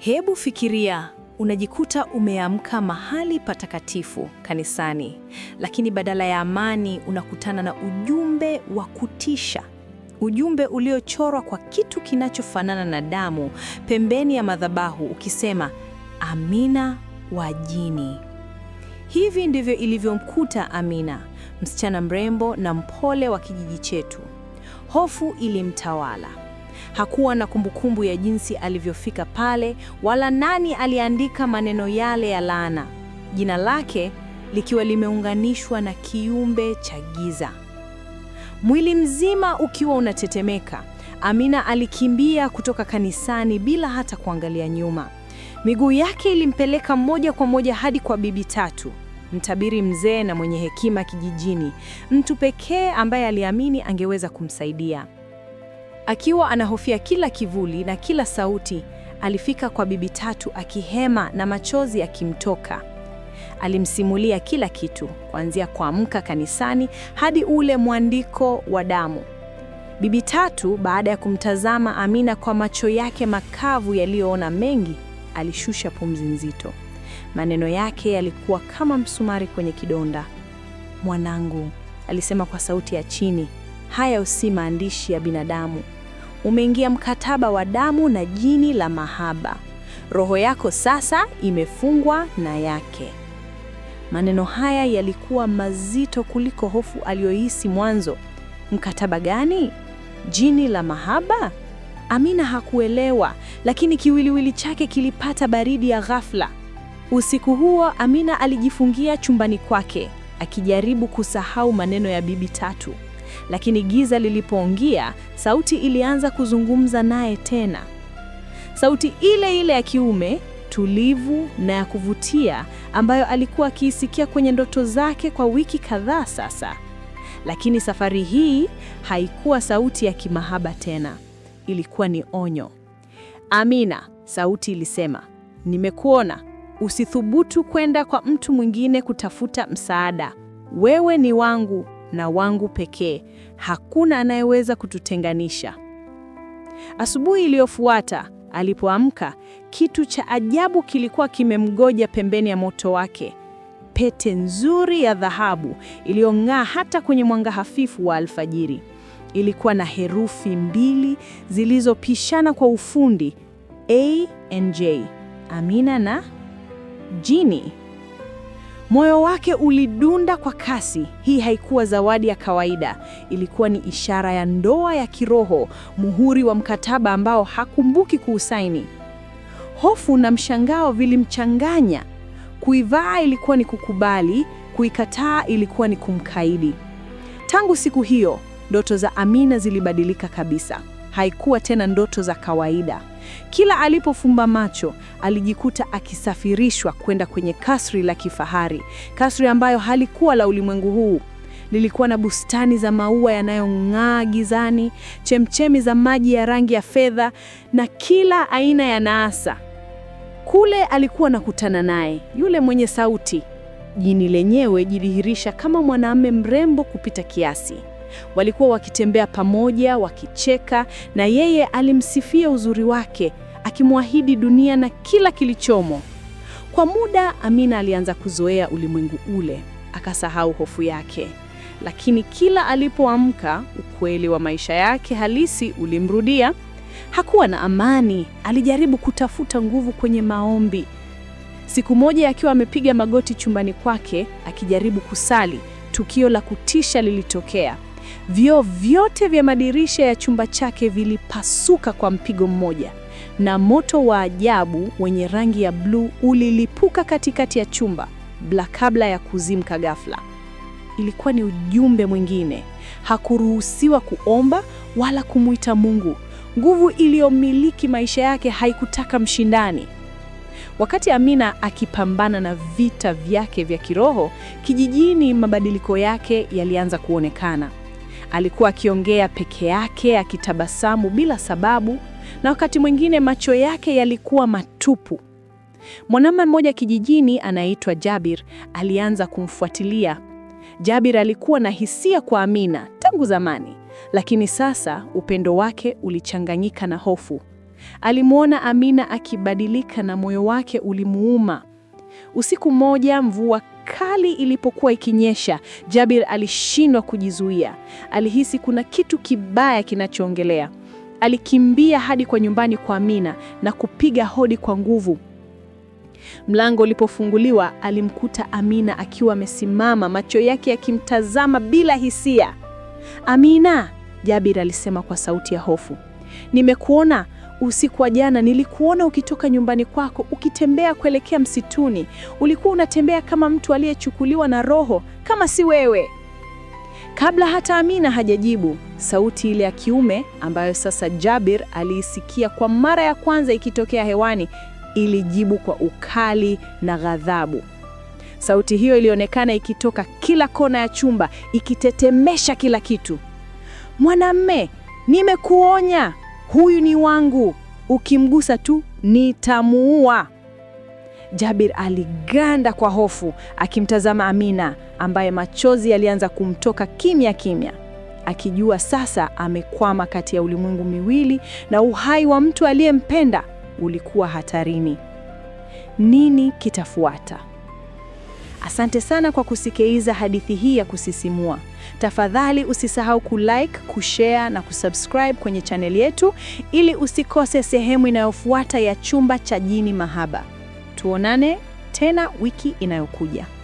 Hebu fikiria, unajikuta umeamka mahali patakatifu kanisani, lakini badala ya amani unakutana na ujumbe wa kutisha, ujumbe uliochorwa kwa kitu kinachofanana na damu pembeni ya madhabahu ukisema, Amina wa jini. Hivi ndivyo ilivyomkuta Amina, msichana mrembo na mpole wa kijiji chetu. Hofu ilimtawala. Hakuwa na kumbukumbu ya jinsi alivyofika pale wala nani aliandika maneno yale ya laana, jina lake likiwa limeunganishwa na kiumbe cha giza. Mwili mzima ukiwa unatetemeka, Amina alikimbia kutoka kanisani bila hata kuangalia nyuma. Miguu yake ilimpeleka moja kwa moja hadi kwa Bibi Tatu, mtabiri mzee na mwenye hekima kijijini, mtu pekee ambaye aliamini angeweza kumsaidia. Akiwa anahofia kila kivuli na kila sauti, alifika kwa Bibi Tatu akihema na machozi akimtoka. Alimsimulia kila kitu, kuanzia kuamka kanisani hadi ule mwandiko wa damu. Bibi Tatu, baada ya kumtazama Amina kwa macho yake makavu yaliyoona mengi, alishusha pumzi nzito. Maneno yake yalikuwa kama msumari kwenye kidonda. Mwanangu, alisema kwa sauti ya chini, hayo si maandishi ya binadamu. Umeingia mkataba wa damu na jini la mahaba. Roho yako sasa imefungwa na yake. Maneno haya yalikuwa mazito kuliko hofu aliyohisi mwanzo. Mkataba gani? Jini la mahaba? Amina hakuelewa, lakini kiwiliwili chake kilipata baridi ya ghafla. Usiku huo Amina alijifungia chumbani kwake, akijaribu kusahau maneno ya bibi Tatu lakini giza lilipoongia sauti ilianza kuzungumza naye tena, sauti ile ile ya kiume tulivu na ya kuvutia ambayo alikuwa akiisikia kwenye ndoto zake kwa wiki kadhaa sasa. Lakini safari hii haikuwa sauti ya kimahaba tena, ilikuwa ni onyo. Amina, sauti ilisema, nimekuona. Usithubutu kwenda kwa mtu mwingine kutafuta msaada. Wewe ni wangu na wangu pekee. Hakuna anayeweza kututenganisha. Asubuhi iliyofuata alipoamka, kitu cha ajabu kilikuwa kimemgoja pembeni ya moto wake, pete nzuri ya dhahabu iliyong'aa hata kwenye mwanga hafifu wa alfajiri. Ilikuwa na herufi mbili zilizopishana kwa ufundi, A and J, Amina na Jini. Moyo wake ulidunda kwa kasi. Hii haikuwa zawadi ya kawaida, ilikuwa ni ishara ya ndoa ya kiroho, muhuri wa mkataba ambao hakumbuki kuusaini. Hofu na mshangao vilimchanganya. Kuivaa ilikuwa ni kukubali, kuikataa ilikuwa ni kumkaidi. Tangu siku hiyo, ndoto za Amina zilibadilika kabisa haikuwa tena ndoto za kawaida. Kila alipofumba macho alijikuta akisafirishwa kwenda kwenye kasri la kifahari, kasri ambayo halikuwa la ulimwengu huu. Lilikuwa na bustani za maua yanayong'aa gizani, chemchemi za maji ya rangi ya fedha na kila aina ya naasa. Kule alikuwa nakutana naye yule mwenye sauti. Jini lenyewe jidhihirisha kama mwanaume mrembo kupita kiasi. Walikuwa wakitembea pamoja, wakicheka na yeye alimsifia uzuri wake, akimwahidi dunia na kila kilichomo. Kwa muda Amina alianza kuzoea ulimwengu ule, akasahau hofu yake. Lakini kila alipoamka, ukweli wa maisha yake halisi ulimrudia. Hakuwa na amani, alijaribu kutafuta nguvu kwenye maombi. Siku moja akiwa amepiga magoti chumbani kwake akijaribu kusali, tukio la kutisha lilitokea. Vioo vyote vya madirisha ya chumba chake vilipasuka kwa mpigo mmoja, na moto wa ajabu wenye rangi ya bluu ulilipuka katikati ya chumba bla kabla ya kuzimka ghafla. Ilikuwa ni ujumbe mwingine. Hakuruhusiwa kuomba wala kumwita Mungu. Nguvu iliyomiliki maisha yake haikutaka mshindani. Wakati Amina akipambana na vita vyake vya kiroho kijijini, mabadiliko yake yalianza kuonekana. Alikuwa akiongea peke yake, akitabasamu bila sababu, na wakati mwingine macho yake yalikuwa matupu. Mwanamume mmoja kijijini anaitwa Jabir alianza kumfuatilia. Jabir alikuwa na hisia kwa Amina tangu zamani, lakini sasa upendo wake ulichanganyika na hofu. Alimwona Amina akibadilika na moyo wake ulimuuma. Usiku mmoja mvua kali ilipokuwa ikinyesha, Jabir alishindwa kujizuia. Alihisi kuna kitu kibaya kinachoongelea. Alikimbia hadi kwa nyumbani kwa Amina na kupiga hodi kwa nguvu. Mlango ulipofunguliwa, alimkuta Amina akiwa amesimama, macho yake yakimtazama bila hisia. Amina, Jabir alisema kwa sauti ya hofu. Nimekuona usiku wa jana, nilikuona ukitoka nyumbani kwako ukitembea kuelekea msituni. Ulikuwa unatembea kama mtu aliyechukuliwa na roho, kama si wewe. Kabla hata Amina hajajibu, sauti ile ya kiume ambayo sasa Jabir aliisikia kwa mara ya kwanza ikitokea hewani ilijibu kwa ukali na ghadhabu. Sauti hiyo ilionekana ikitoka kila kona ya chumba, ikitetemesha kila kitu. Mwanamme, nimekuonya huyu ni wangu, ukimgusa tu nitamuua. Jabir aliganda kwa hofu akimtazama Amina ambaye machozi yalianza kumtoka kimya kimya, akijua sasa amekwama kati ya ulimwengu miwili na uhai wa mtu aliyempenda ulikuwa hatarini. Nini kitafuata? Asante sana kwa kusikiliza hadithi hii ya kusisimua. Tafadhali usisahau kulike, kushare na kusubscribe kwenye chaneli yetu ili usikose sehemu inayofuata ya Chumba cha Jini Mahaba. Tuonane tena wiki inayokuja.